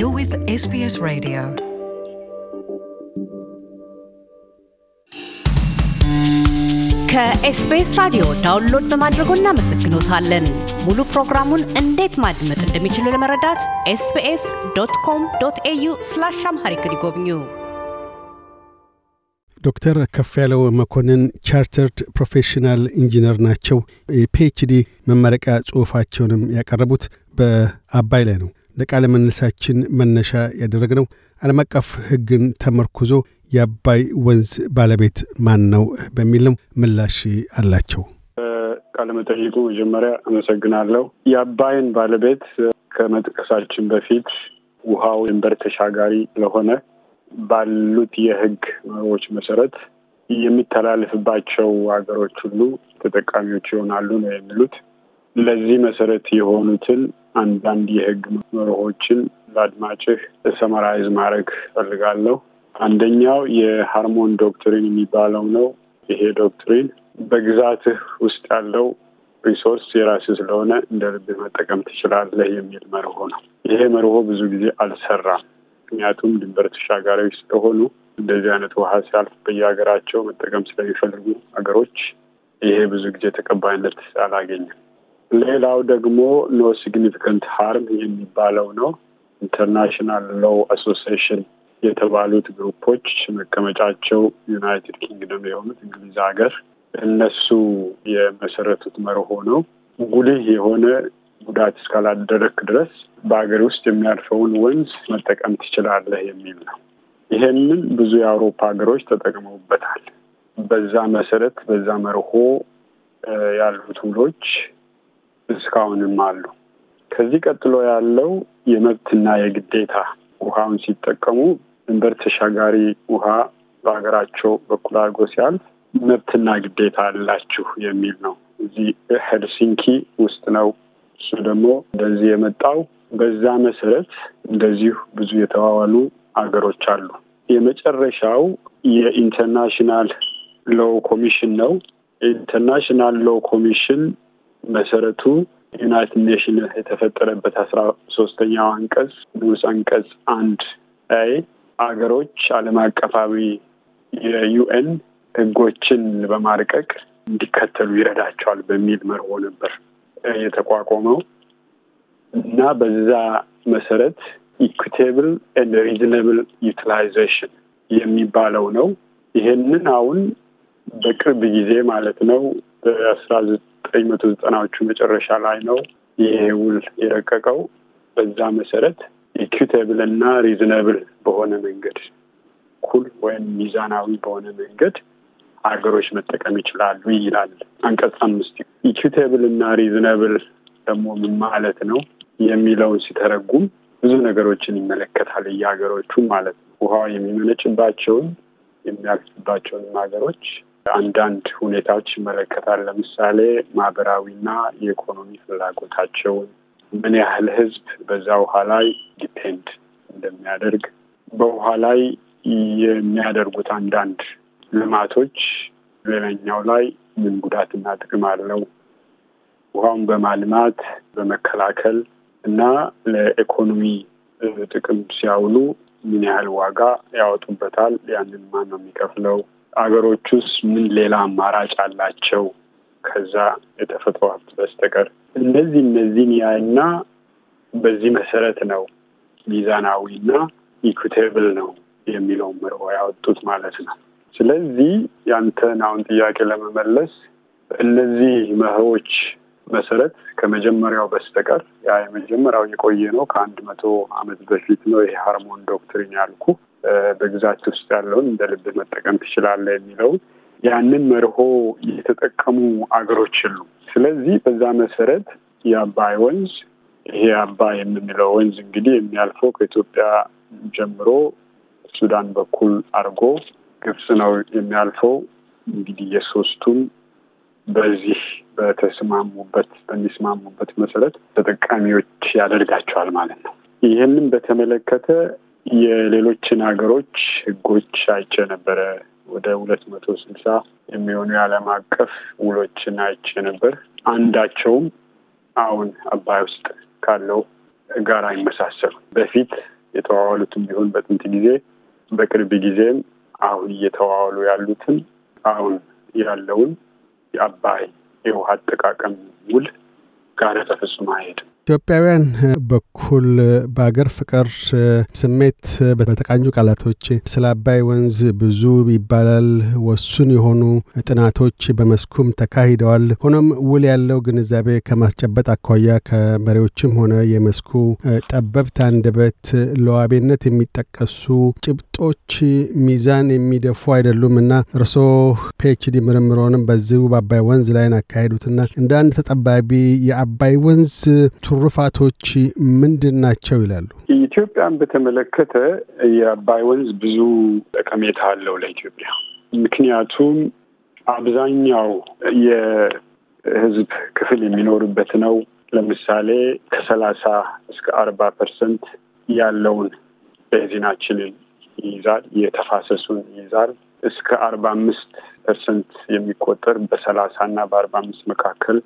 You're with SBS Radio. ከኤስቢኤስ ራዲዮ ዳውንሎድ በማድረጎ እናመሰግኖታለን። ሙሉ ፕሮግራሙን እንዴት ማድመጥ እንደሚችሉ ለመረዳት ኤስቢኤስ ዶት ኮም ዶት ኤዩ ስላሽ አምሃሪክ ይጎብኙ። ዶክተር ያለው መኮንን ቻርተርድ ፕሮፌሽናል ኢንጂነር ናቸው። የፒኤችዲ መመረቂያ ጽሑፋቸውንም ያቀረቡት በአባይ ላይ ነው። ለቃለ መነሳችን መነሻ ነው ዓለም አቀፍ ሕግን ተመርኩዞ የአባይ ወንዝ ባለቤት ማን ነው በሚል ነው። ምላሽ አላቸው። ቃለመጠይቁ መጀመሪያ አመሰግናለሁ። የአባይን ባለቤት ከመጥቀሳችን በፊት ውሃው ድንበር ተሻጋሪ ስለሆነ ባሉት የህግ መርሆች መሰረት የሚተላለፍባቸው ሀገሮች ሁሉ ተጠቃሚዎች ይሆናሉ ነው የሚሉት። ለዚህ መሰረት የሆኑትን አንዳንድ የህግ መርሆችን ለአድማጭህ ሰመራይዝ ማድረግ ፈልጋለሁ። አንደኛው የሃርሞን ዶክትሪን የሚባለው ነው። ይሄ ዶክትሪን በግዛትህ ውስጥ ያለው ሪሶርስ የራስህ ስለሆነ እንደ ልብ መጠቀም ትችላለህ የሚል መርሆ ነው። ይሄ መርሆ ብዙ ጊዜ አልሰራም። ምክንያቱም ድንበር ተሻጋሪዎች ስለሆኑ እንደዚህ አይነት ውሃ ሲያልፍ በየሀገራቸው መጠቀም ስለሚፈልጉ ሀገሮች ይሄ ብዙ ጊዜ ተቀባይነት አላገኘም። ሌላው ደግሞ ኖ ሲግኒፊካንት ሀርም የሚባለው ነው። ኢንተርናሽናል ሎው አሶሲሽን የተባሉት ግሩፖች መቀመጫቸው ዩናይትድ ኪንግደም የሆኑት እንግሊዝ ሀገር እነሱ የመሰረቱት መርሆ ነው። ጉልህ የሆነ ጉዳት እስካላደረክ ድረስ በሀገር ውስጥ የሚያልፈውን ወንዝ መጠቀም ትችላለህ የሚል ነው። ይሄንን ብዙ የአውሮፓ ሀገሮች ተጠቅመውበታል። በዛ መሰረት በዛ መርሆ ያሉት ውሎች እስካሁንም አሉ። ከዚህ ቀጥሎ ያለው የመብትና የግዴታ ውሃውን ሲጠቀሙ ድንበር ተሻጋሪ ውሃ በሀገራቸው በኩል አድርጎ ሲያልፍ መብትና ግዴታ አላችሁ የሚል ነው። እዚህ ሄልሲንኪ ውስጥ ነው። እሱ ደግሞ እንደዚህ የመጣው በዛ መሰረት እንደዚሁ ብዙ የተዋዋሉ አገሮች አሉ። የመጨረሻው የኢንተርናሽናል ሎ ኮሚሽን ነው። ኢንተርናሽናል ሎ ኮሚሽን መሰረቱ ዩናይትድ ኔሽን የተፈጠረበት አስራ ሶስተኛው አንቀጽ ንዑስ አንቀጽ አንድ ላይ አገሮች ዓለም አቀፋዊ የዩኤን ህጎችን በማርቀቅ እንዲከተሉ ይረዳቸዋል በሚል መርሆ ነበር የተቋቋመው እና በዛ መሰረት ኢኩቴብል ን ሪዝነብል ዩቲላይዜሽን የሚባለው ነው። ይሄንን አሁን በቅርብ ጊዜ ማለት ነው በአስራ ዘጠኝ መቶ ዘጠናዎቹ መጨረሻ ላይ ነው ይሄ ውል የረቀቀው። በዛ መሰረት ኢኩቴብል እና ሪዝነብል በሆነ መንገድ ኩል ወይም ሚዛናዊ በሆነ መንገድ ሀገሮች መጠቀም ይችላሉ ይላል አንቀጽ አምስት። ኢኩቴብል እና ሪዝነብል ደግሞ ምን ማለት ነው የሚለውን ሲተረጉም ብዙ ነገሮችን ይመለከታል። የሀገሮቹ ማለት ነው ውሃ የሚመነጭባቸውን የሚያልፍባቸውንም ሀገሮች አንዳንድ ሁኔታዎች ይመለከታል። ለምሳሌ ማህበራዊና የኢኮኖሚ ፍላጎታቸውን ምን ያህል ህዝብ በዛ ውሃ ላይ ዲፔንድ እንደሚያደርግ በውሃ ላይ የሚያደርጉት አንዳንድ ልማቶች ሌላኛው ላይ ምን ጉዳትና ጥቅም አለው ውሃውን በማልማት በመከላከል እና ለኢኮኖሚ ጥቅም ሲያውሉ ምን ያህል ዋጋ ያወጡበታል? ያንን ማን ነው የሚከፍለው? አገሮች ውስጥ ምን ሌላ አማራጭ አላቸው ከዛ የተፈጥሮ ሀብት በስተቀር? እነዚህ እነዚህን ያና በዚህ መሰረት ነው ሚዛናዊና ኢኩቴብል ነው የሚለው ምርሆ ያወጡት ማለት ነው። ስለዚህ ያንተን አሁን ጥያቄ ለመመለስ እነዚህ መርሆች መሰረት ከመጀመሪያው በስተቀር ያ የመጀመሪያው የቆየ ነው። ከአንድ መቶ አመት በፊት ነው ይሄ ሃርሞን ዶክትሪን ያልኩ በግዛት ውስጥ ያለውን እንደ ልብ መጠቀም ትችላለህ የሚለው ያንን መርሆ የተጠቀሙ አገሮች የሉ። ስለዚህ በዛ መሰረት የአባይ ወንዝ ይሄ አባይ የምንለው ወንዝ እንግዲህ የሚያልፈው ከኢትዮጵያ ጀምሮ ሱዳን በኩል አድርጎ ግብጽ ነው የሚያልፈው። እንግዲህ የሶስቱም በዚህ በተስማሙበት በሚስማሙበት መሰረት ተጠቃሚዎች ያደርጋቸዋል ማለት ነው። ይህንን በተመለከተ የሌሎችን ሀገሮች ህጎች አይቼ ነበረ። ወደ ሁለት መቶ ስልሳ የሚሆኑ የዓለም አቀፍ ውሎችን አይቼ ነበር። አንዳቸውም አሁን አባይ ውስጥ ካለው ጋር አይመሳሰሉ። በፊት የተዋዋሉትም ቢሆን በጥንት ጊዜ፣ በቅርብ ጊዜም አሁን እየተዋዋሉ ያሉትን አሁን ያለውን የአባይ የውሃ አጠቃቀም ውል ጋር ተፈጽሞ አይሄድም። ኢትዮጵያውያን በኩል በአገር ፍቅር ስሜት በተቃኙ ቃላቶች ስለ አባይ ወንዝ ብዙ ይባላል። ወሱን የሆኑ ጥናቶች በመስኩም ተካሂደዋል። ሆኖም ውል ያለው ግንዛቤ ከማስጨበጥ አኳያ ከመሪዎችም ሆነ የመስኩ ጠበብት አንደበት ለዋቤነት የሚጠቀሱ ጭብጦች ሚዛን የሚደፉ አይደሉም እና እርስዎ ፒኤችዲ ምርምሮንም በዚሁ በአባይ ወንዝ ላይን አካሄዱትና እንደ አንድ ተጠባቢ የአባይ ወንዝ ትሩፋቶች ምንድን ናቸው ይላሉ? ኢትዮጵያን በተመለከተ የአባይ ወንዝ ብዙ ጠቀሜታ አለው ለኢትዮጵያ። ምክንያቱም አብዛኛው የህዝብ ክፍል የሚኖርበት ነው። ለምሳሌ ከሰላሳ እስከ አርባ ፐርሰንት ያለውን ቤዚናችንን ይይዛል፣ የተፋሰሱን ይይዛል። እስከ አርባ አምስት ፐርሰንት የሚቆጠር በሰላሳ እና በአርባ አምስት መካከል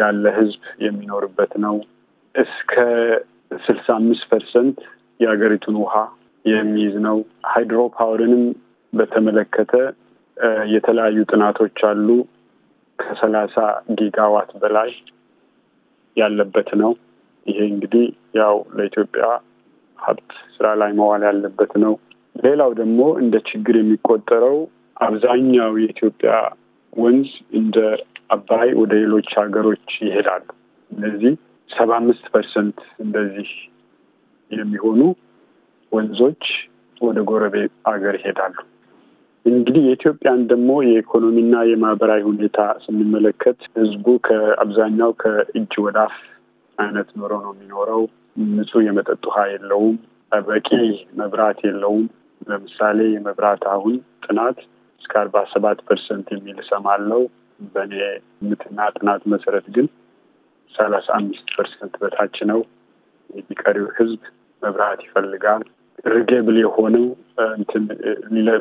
ያለ ህዝብ የሚኖርበት ነው። እስከ ስልሳ አምስት ፐርሰንት የሀገሪቱን ውሃ የሚይዝ ነው። ሃይድሮ ፓወርንም በተመለከተ የተለያዩ ጥናቶች አሉ። ከሰላሳ ጊጋዋት በላይ ያለበት ነው። ይሄ እንግዲህ ያው ለኢትዮጵያ ሀብት ስራ ላይ መዋል ያለበት ነው። ሌላው ደግሞ እንደ ችግር የሚቆጠረው አብዛኛው የኢትዮጵያ ወንዝ እንደ አባይ ወደ ሌሎች ሀገሮች ይሄዳሉ። ስለዚህ ሰባ አምስት ፐርሰንት እንደዚህ የሚሆኑ ወንዞች ወደ ጎረቤ አገር ይሄዳሉ። እንግዲህ የኢትዮጵያን ደግሞ የኢኮኖሚና የማህበራዊ ሁኔታ ስንመለከት ህዝቡ ከአብዛኛው ከእጅ ወደ አፍ አይነት ኑሮ ነው የሚኖረው። ንጹህ የመጠጥ ውሃ የለውም። በቂ መብራት የለውም። ለምሳሌ የመብራት አሁን ጥናት እስከ አርባ ሰባት ፐርሰንት የሚል እሰማለሁ። በእኔ ምትና ጥናት መሰረት ግን ሰላሳ አምስት ፐርሰንት በታች ነው። የሚቀሪው ህዝብ መብራት ይፈልጋል። ርጌብል የሆነው እንትን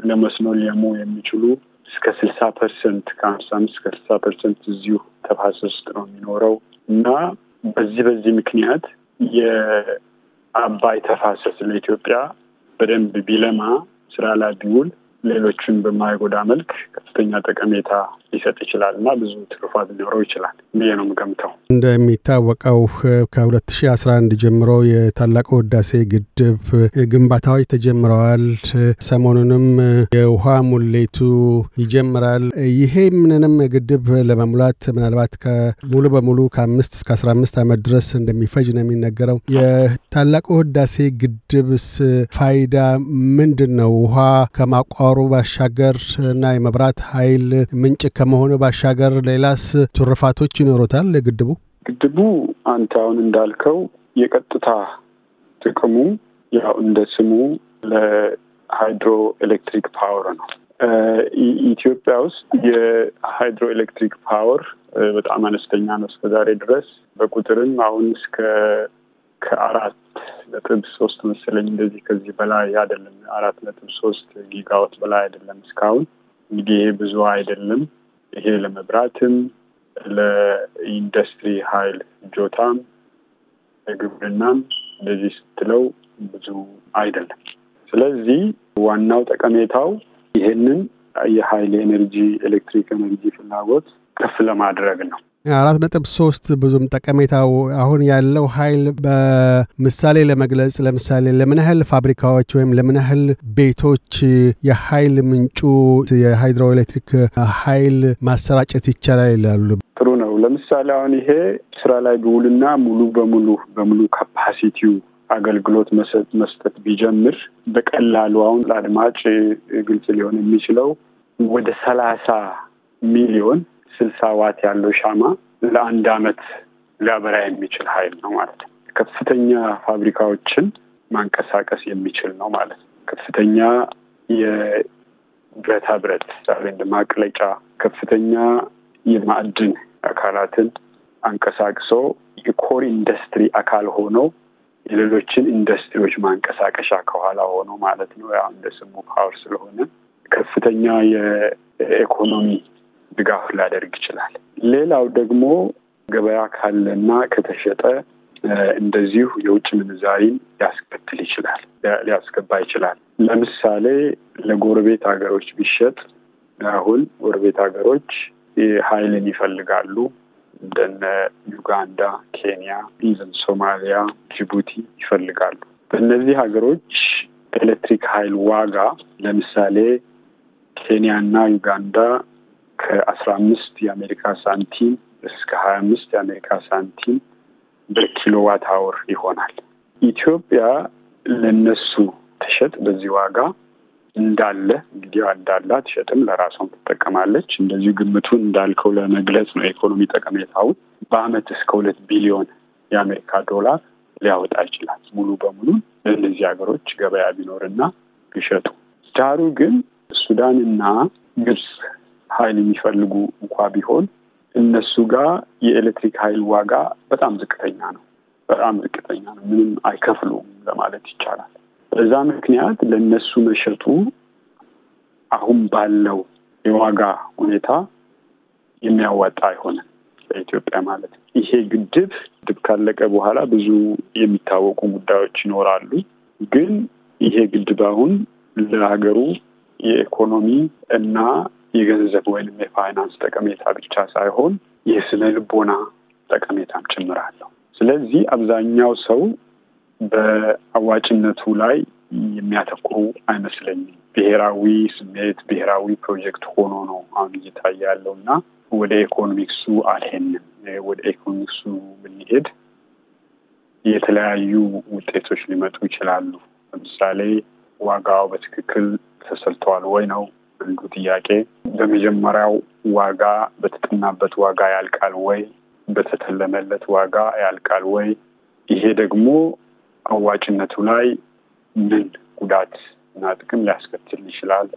ለመስኖ ሊያሙ የሚችሉ እስከ ስልሳ ፐርሰንት ከአምሳ አምስት እስከ ስልሳ ፐርሰንት እዚሁ ተፋሰስ ውስጥ ነው የሚኖረው እና በዚህ በዚህ ምክንያት የአባይ ተፋሰስ ለኢትዮጵያ በደንብ ቢለማ ስራ ላይ ቢውል ሌሎችን በማይጎዳ መልክ ከፍተኛ ጠቀሜታ ሊሰጥ ይችላል እና ብዙ ትሩፋት ሊኖረው ይችላል ብዬ ነው ምገምተው። እንደሚታወቀው ከ2011 ጀምሮ የታላቁ ህዳሴ ግድብ ግንባታዎች ተጀምረዋል። ሰሞኑንም የውሃ ሙሌቱ ይጀምራል። ይሄ ምንንም ግድብ ለመሙላት ምናልባት ሙሉ በሙሉ ከአምስት እስከ አስራ አምስት ዓመት ድረስ እንደሚፈጅ ነው የሚነገረው። የታላቁ ህዳሴ ግድብስ ፋይዳ ምንድን ነው? ውሃ ከማቋ ከፓወሩ ባሻገር እና የመብራት ኃይል ምንጭ ከመሆኑ ባሻገር ሌላስ ትሩፋቶች ይኖሩታል ግድቡ? ግድቡ አንተ አሁን እንዳልከው የቀጥታ ጥቅሙ ያው እንደ ስሙ ለሃይድሮ ኤሌክትሪክ ፓወር ነው። ኢትዮጵያ ውስጥ የሃይድሮ ኤሌክትሪክ ፓወር በጣም አነስተኛ ነው እስከዛሬ ድረስ በቁጥርም አሁን እስከ ከአራት ነጥብ ሶስት መሰለኝ እንደዚህ ከዚህ በላይ አይደለም። አራት ነጥብ ሶስት ጊጋዎት በላይ አይደለም እስካሁን። እንግዲህ ይሄ ብዙ አይደለም። ይሄ ለመብራትም፣ ለኢንዱስትሪ ኃይል ጆታም፣ ለግብርናም እንደዚህ ስትለው ብዙ አይደለም። ስለዚህ ዋናው ጠቀሜታው ይህንን የኃይል ኤነርጂ ኤሌክትሪክ ኤነርጂ ፍላጎት ከፍ ለማድረግ ነው። አራት ነጥብ ሶስት ብዙም ጠቀሜታው አሁን ያለው ኃይል በምሳሌ ለመግለጽ ለምሳሌ ለምን ያህል ፋብሪካዎች ወይም ለምን ያህል ቤቶች የኃይል ምንጩ የሃይድሮኤሌክትሪክ ኃይል ማሰራጨት ይቻላል ይላሉ? ጥሩ ነው። ለምሳሌ አሁን ይሄ ስራ ላይ ቢውልና ሙሉ በሙሉ በሙሉ ካፓሲቲው አገልግሎት መስጠት ቢጀምር በቀላሉ አሁን ለአድማጭ ግልጽ ሊሆን የሚችለው ወደ ሰላሳ ሚሊዮን ስልሳ ዋት ያለው ሻማ ለአንድ አመት ሊያበራ የሚችል ሀይል ነው ማለት ነው። ከፍተኛ ፋብሪካዎችን ማንቀሳቀስ የሚችል ነው ማለት ነው። ከፍተኛ የብረታ ብረት እንደ ማቅለጫ፣ ከፍተኛ የማዕድን አካላትን አንቀሳቅሶ የኮር ኢንዱስትሪ አካል ሆኖ የሌሎችን ኢንዱስትሪዎች ማንቀሳቀሻ ከኋላ ሆኖ ማለት ነው። ያው እንደ ስሙ ፓወር ስለሆነ ከፍተኛ የኢኮኖሚ ድጋፍ ሊያደርግ ይችላል። ሌላው ደግሞ ገበያ ካለና ከተሸጠ እንደዚሁ የውጭ ምንዛሪን ሊያስከትል ይችላል፣ ሊያስገባ ይችላል። ለምሳሌ ለጎረቤት ሀገሮች ቢሸጥ አሁን ጎረቤት ሀገሮች ኃይልን ይፈልጋሉ እንደነ ዩጋንዳ፣ ኬንያ፣ ኢቨን ሶማሊያ፣ ጅቡቲ ይፈልጋሉ። በእነዚህ ሀገሮች ኤሌክትሪክ ኃይል ዋጋ ለምሳሌ ኬንያና ዩጋንዳ ከአስራ አምስት የአሜሪካ ሳንቲም እስከ ሀያ አምስት የአሜሪካ ሳንቲም ዋት አወር ይሆናል። ኢትዮጵያ ለነሱ ትሸጥ በዚህ ዋጋ እንዳለ እንግዲህ እንዳላ ትሸጥም ለራሷም ትጠቀማለች። እንደዚሁ ግምቱን እንዳልከው ለመግለጽ ነው የኢኮኖሚ ጠቀሜታውን በአመት እስከ ሁለት ቢሊዮን የአሜሪካ ዶላር ሊያወጣ ይችላል። ሙሉ በሙሉ ለእነዚህ ሀገሮች ገበያ ቢኖርና ቢሸጡ። ዳሩ ግን ሱዳንና ግብፅ ኃይል የሚፈልጉ እንኳ ቢሆን እነሱ ጋር የኤሌክትሪክ ኃይል ዋጋ በጣም ዝቅተኛ ነው። በጣም ዝቅተኛ ነው። ምንም አይከፍሉም ለማለት ይቻላል። በዛ ምክንያት ለእነሱ መሸጡ አሁን ባለው የዋጋ ሁኔታ የሚያዋጣ አይሆንም ለኢትዮጵያ ማለት ነው። ይሄ ግድብ ግድብ ካለቀ በኋላ ብዙ የሚታወቁ ጉዳዮች ይኖራሉ። ግን ይሄ ግድብ አሁን ለሀገሩ የኢኮኖሚ እና የገንዘብ ወይም የፋይናንስ ጠቀሜታ ብቻ ሳይሆን የስነ ልቦና ጠቀሜታም ጭምራለሁ። ስለዚህ አብዛኛው ሰው በአዋጭነቱ ላይ የሚያተኩሩ አይመስለኝም። ብሔራዊ ስሜት ብሔራዊ ፕሮጀክት ሆኖ ነው አሁን እየታየ ያለው እና ወደ ኢኮኖሚክሱ አልሄንም። ወደ ኢኮኖሚክሱ ብንሄድ የተለያዩ ውጤቶች ሊመጡ ይችላሉ። ለምሳሌ ዋጋው በትክክል ተሰልተዋል ወይ ነው አንዱ ጥያቄ በመጀመሪያው ዋጋ በተጠናበት ዋጋ ያልቃል ወይ? በተተለመለት ዋጋ ያልቃል ወይ? ይሄ ደግሞ አዋጭነቱ ላይ ምን ጉዳት እና ጥቅም ሊያስከትል ይችላል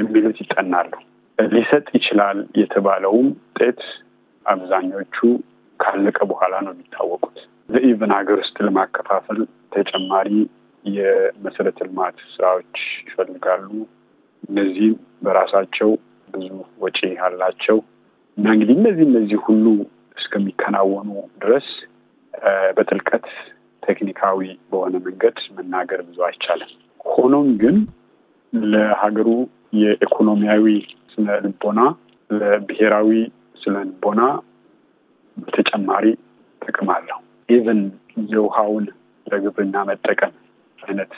የሚሉት ይጠናሉ። ሊሰጥ ይችላል የተባለውም ውጤት አብዛኞቹ ካለቀ በኋላ ነው የሚታወቁት። ለኢቨን ሀገር ውስጥ ለማከፋፈል ተጨማሪ የመሰረተ ልማት ስራዎች ይፈልጋሉ። እነዚህ በራሳቸው ብዙ ወጪ አላቸው እና እንግዲህ እነዚህ እነዚህ ሁሉ እስከሚከናወኑ ድረስ በጥልቀት ቴክኒካዊ በሆነ መንገድ መናገር ብዙ አይቻልም። ሆኖም ግን ለሀገሩ የኢኮኖሚያዊ ስነ ልቦና፣ ለብሔራዊ ስነ ልቦና በተጨማሪ ጥቅም አለው። ኢቨን የውሃውን ለግብርና መጠቀም አይነት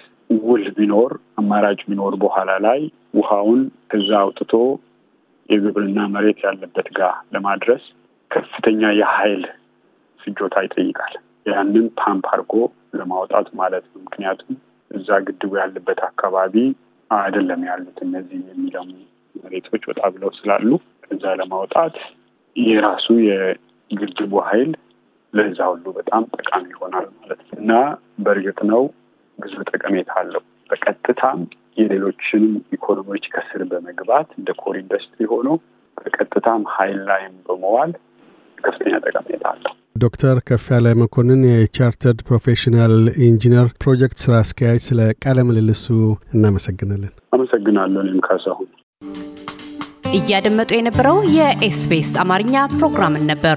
ውል ቢኖር አማራጭ ቢኖር በኋላ ላይ ውሃውን ከዛ አውጥቶ የግብርና መሬት ያለበት ጋር ለማድረስ ከፍተኛ የኃይል ፍጆታ ይጠይቃል። ያንን ፓምፕ አድርጎ ለማውጣት ማለት ነው። ምክንያቱም እዛ ግድቡ ያለበት አካባቢ አይደለም ያሉት እነዚህ የሚለሙ መሬቶች ወጣ ብለው ስላሉ ከዛ ለማውጣት የራሱ የግድቡ ኃይል ለዛ ሁሉ በጣም ጠቃሚ ይሆናል ማለት ነው እና በእርግጥ ነው ብዙ ጠቀሜታ አለው። በቀጥታም የሌሎችንም ኢኮኖሚዎች ከስር በመግባት እንደ ኮር ኢንዱስትሪ ሆኖ በቀጥታም ሀይል ላይም በመዋል ከፍተኛ ጠቀሜታ አለው። ዶክተር ከፍ ያለ መኮንን የቻርተርድ ፕሮፌሽናል ኢንጂነር ፕሮጀክት ስራ አስኪያጅ፣ ስለ ቃለ ምልልሱ እናመሰግናለን። አመሰግናለሁ። እኔም ካሳሁን። እያደመጡ የነበረው የኤስቢኤስ አማርኛ ፕሮግራምን ነበር።